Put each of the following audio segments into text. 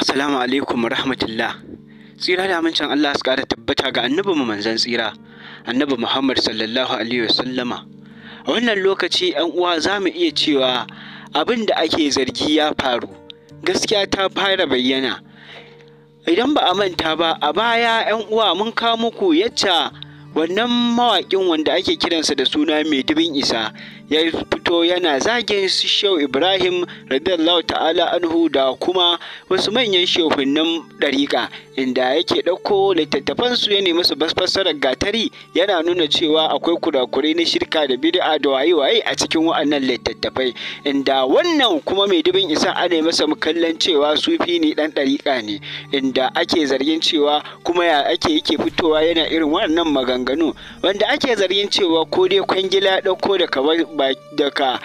Assalamu alaikum rahmatullah. Tsira da amincin Allah su ƙara tabbata ga annabi mu manzan tsira, annabi Muhammad sallallahu alaihi wasallama. A wannan lokaci ‘yan uwa za mu iya cewa abin da ake zargi ya faru, gaskiya ta fara bayyana. Idan ba a manta ba, a baya ‘yan uwa mun kawo muku yacca wannan mawaƙin wanda ake kiransa da suna mai dubin isa ya fito yana zagin su Shehu Ibrahim radiyallahu ta'ala anhu da kuma wasu manyan shehunan dariƙa. inda yake ɗauko littattafan su ya nemi su fassarar gatari yana nuna cewa akwai kurakurai na shirka da bid'a da waye-waye a cikin wa'annan littattafai inda wannan kuma mai dubin isa ana masa kallon cewa sufi ne ɗan ɗariƙa ne inda ake zargin cewa kuma ya ake yake fitowa yana irin wannan maganganu wanda ake zargin cewa ko dai kwangila ɗauko daga daga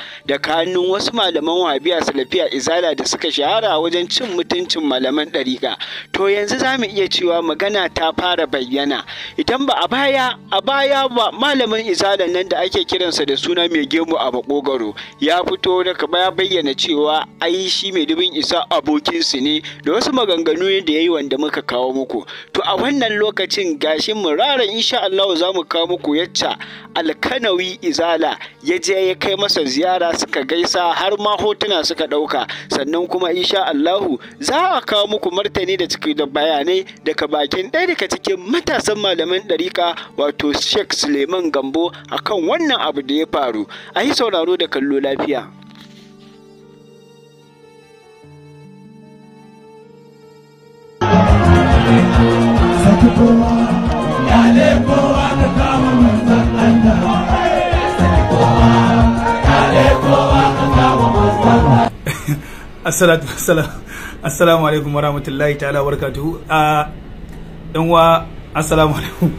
hannun wasu malaman wahabiya salafiya izala da suka shahara wajen cin mutuncin malaman ɗariƙa to yanzu za mu iya cewa magana ta fara bayyana idan ba a baya a baya ba malamin Izala nan da ake kiransa da suna mai gemu a bakogaro ya fito daga baya bayyana cewa ai shi mai dubin isa abokinsu ne da wasu maganganu da yayi wanda muka kawo muku to a wannan lokacin gashin muraran insha Allah za mu kawo muku yacca alkanawi izala ya je ya kai masa ziyara suka gaisa har ma hotuna suka ɗauka sannan kuma insha Allahu za a kawo muku martani da ciki da bayanai daga bakin ɗaya daga cikin matasan malaman ɗarika wato Sheikh Suleiman Gambo akan wannan abu da ya faru a yi sauraro da kallo lafiya. assalatu assalamu alaikum warahmatullahi ta'ala barakatuhu a yan wa assalamu alaikum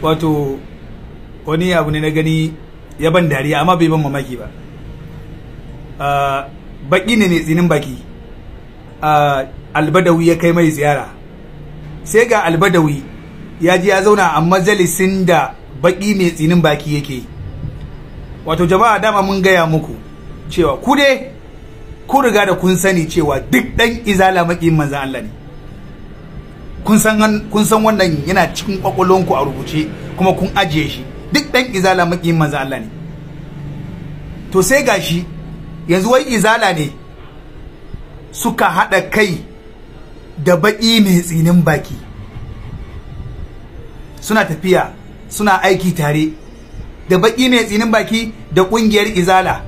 wato wani abu ne na gani ya ban dariya amma bai ban mamaki ba baki ne ne tsinin baki albadawi ya kai mai ziyara sai ga albadawi ya ji ya zauna a majalisin da baki mai tsinin baki yake wato jama'a dama mun gaya muku cewa ku dai ku riga da kun sani cewa duk dan izala makiyin manzan Allah ne kun san wannan yana cikin kwakwalonku a rubuce kuma kun ajiye shi duk dan izala makiyin manzan Allah ne to sai gashi yanzu wai izala ne suka hada kai da baki mai tsinin baki suna tafiya suna aiki tare da baki mai tsinin baki da kungiyar izala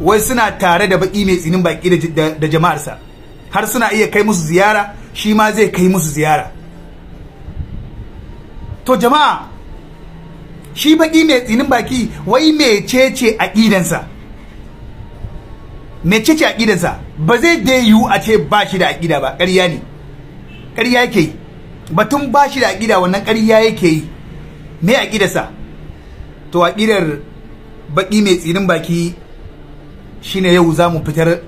wai suna tare da baki mai tsinin baki da jama'arsa har suna iya kai musu ziyara shi ma zai kai musu ziyara to jama'a shi baki mai tsinin baki wai mecece aƙidansa mecece aƙidansa ba zai dai yiwu a ce ba shi da aƙida ba ƙarya ne ƙarya yake yi batun ba shi da aƙida wannan ƙarya yake yi me aƙidarsa to aƙidar baki mai tsinin baki shine yau za mu fitar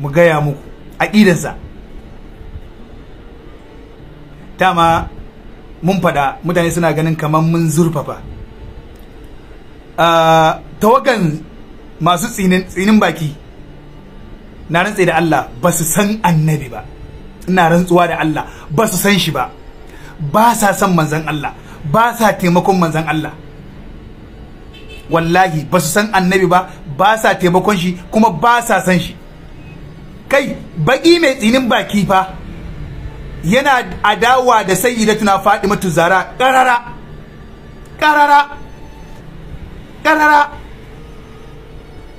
mu gaya muku aƙidarsa dama mun faɗa mutane suna ganin kamar mun zurfafa ah, tawagan masu tsinin baki na rantse da Allah ba su san annabi ba ina rantsuwa da Allah ba su san shi ba ba sa san manzan Allah ba sa taimakon manzan Allah wallahi ba su san annabi ba ba sa taimakon shi kuma ba sa san shi kai baki mai tsinin baki fa yana adawa da sayyidatuna fatimatu zara karara karara karara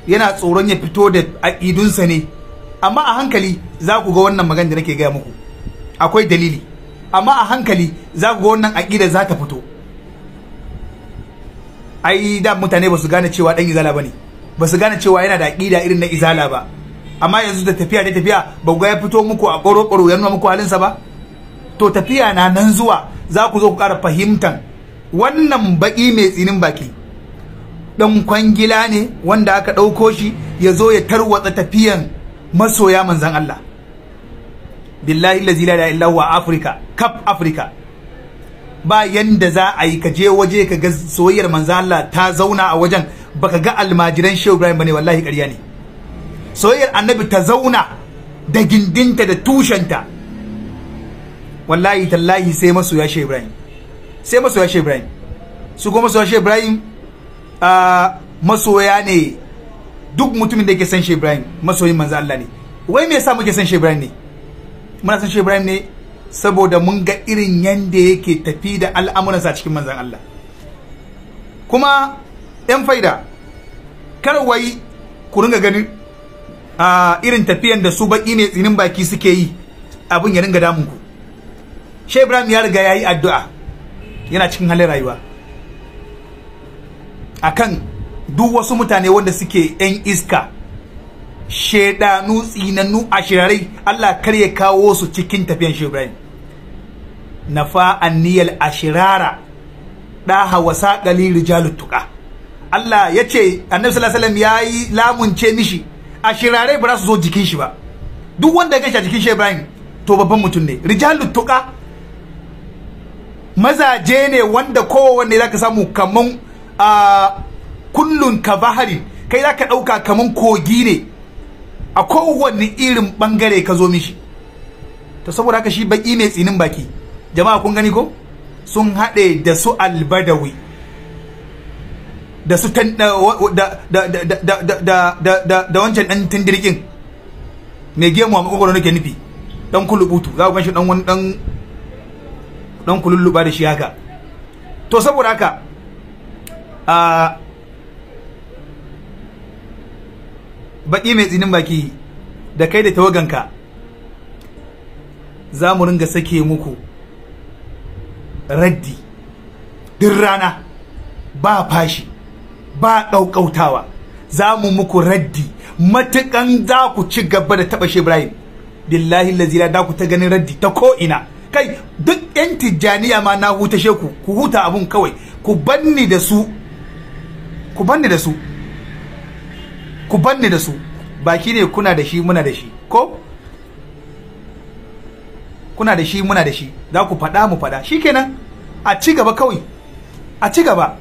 yana tsoron ya fito da aƙidunsa ne amma a hankali za ku ga wannan magana da nake gaya muku akwai dalili amma a hankali za ku ga wannan aƙida za ta fito ai da mutane ba su gane cewa dan izala bane ba su gane cewa yana da aqida irin na izala ba amma yanzu da tafiya da tafiya ba ga ya fito muku a koro koro ya nuna muku sa ba to tafiya na nan zuwa za ku zo ku ƙara fahimtan wannan baƙi mai tsinin baki dan kwangila ne wanda aka ɗauko shi ya zo ya tarwatsa tafiyan masoya manzan Allah billahi la ilaha illa huwa afirka Cup afirka ba yanda za a yi ka je waje ka ga soyayyar manzo Allah ta zauna a wajen baka ga almajiran Shehu Ibrahim bane wallahi ƙarya ne soyayyar annabi ta zauna da gindinta da tushenta wallahi tallahi sai masoya Shehu Ibrahim sai masoya Shehu Ibrahim su kuma masoya Shehu Ibrahim masoya ne duk mutumin da yake san Shehu Ibrahim masoyin manzo Allah ne wai me yasa muke san Shehu Ibrahim ne muna san Shehu Ibrahim ne saboda mun ga irin yanda yake tafi da al'amuransa cikin manzan Allah kuma yan faida kar wai ku ringa ganin irin tafiyan da su baki ne tsinin baki suke yi abin ya ringa damunku ku Ibrahim ya riga yayi addu'a yana cikin halin rayuwa akan duk wasu mutane wanda suke yan iska shaidanu tsinannu a shirarai Allah kar ya kawo su cikin tafiyan Shehu Ibrahim nafa niyyar ashirara da hawa qali rijalut tuqa Allah ya ce annabi sallallahu alaihi wasallam yayi lamunce mishi ashirare ba za su zo jikin shi ba duk wanda ya gashi a jikin shi Ibrahim to babban mutum ne rijalutuka mazaje ne wanda kowanne zaka samu kaman a kullun ka bahari kai zaka ɗauka kaman kogi ne a kowanne irin ɓangare ka zo mishi to saboda haka shi baki ne tsinin baki jama'a kun gani ko sun haɗe da su albadawi da su da da wancan ɗan tindirkin mai gemu a makwakwaro nake nufi ɗan kulubutu za ku gan shi ɗan wani ɗan kululluba da shi haka to saboda haka a baƙi mai tsinin baki da kai da tawaganka za mu ringa sake muku raddi duk rana ba fashi ba ƙauƙautawa za mu muku raddi matukan za ku ci gaba da taɓa shi ibrahim billahi lazira da ku ta ganin raddi ta ko'ina kai duk yan tijjaniya ma na huta sheku ku huta abun kawai ku banni da su ku banni da su ku banni da su baki ne kuna da shi muna da shi ko kuna da shi muna da shi za ku faɗa mu faɗa shikenan a ci gaba kawai a ci gaba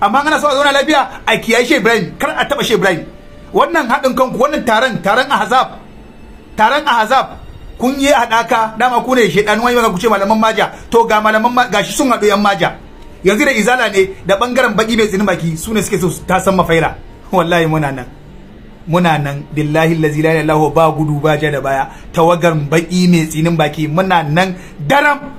amma ana so a zauna lafiya a kiyaye shi Ibrahim kar a taba shi Ibrahim wannan haɗin kanku wannan taron taron ahzab taron ahzab kun yi haɗaka dama ku ne shedanu wani ku ce malaman maja to ga malaman ga shi sun haɗu yan maja yanzu da izala ne da bangaren baki mai tsinin baki su ne suke so ta san mafaira wallahi muna nan muna nan billahi lazi la ilaha ba gudu ba ja da baya tawagar baki mai tsinin baki muna nan daram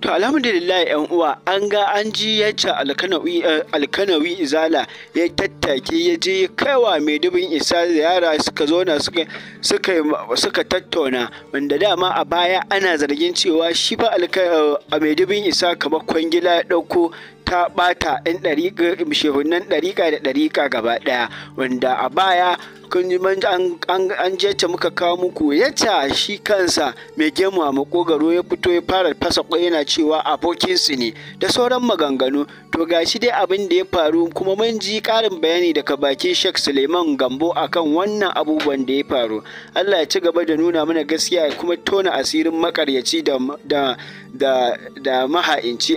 To alhamdulillah yan uwa an ga an ji yacca alkanawi eh, alkanawi izala ya tattake ya je kaiwa mai dubin isa ziyara suka zauna suka suka suka tattauna wanda dama a baya ana zargin cewa shi fa eh, a mai dubin isa kamar kwangila ya dauko ta ɓata 'yan ɗariƙa shehunan ɗariƙa da ɗariƙa gaba ɗaya wanda a baya kun ji an je ta muka kawo muku Yata shi kansa mai gemu a makogaro ya fito ya fara fasa kwai yana cewa abokinsu ne da sauran maganganu to gashi dai abin da ya faru kuma mun ji ƙarin bayani daga bakin Sheikh Suleiman Gambo akan wannan abubuwan da ya faru Allah ya ci gaba da nuna mana gaskiya ya kuma tona asirin makaryaci da da da, da a ci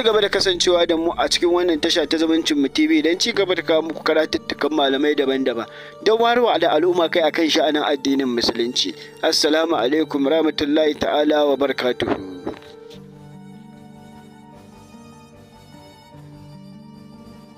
gaba da kasance kasancewa da mu a cikin wannan tasha ta zamancin mu TV don ci gaba da kawo muku karatuttukan malamai daban-daban don warwa da al'umma kai akan sha'anin addinin musulunci. Assalamu alaikum rahmatullahi ta'ala wa barakatuhu.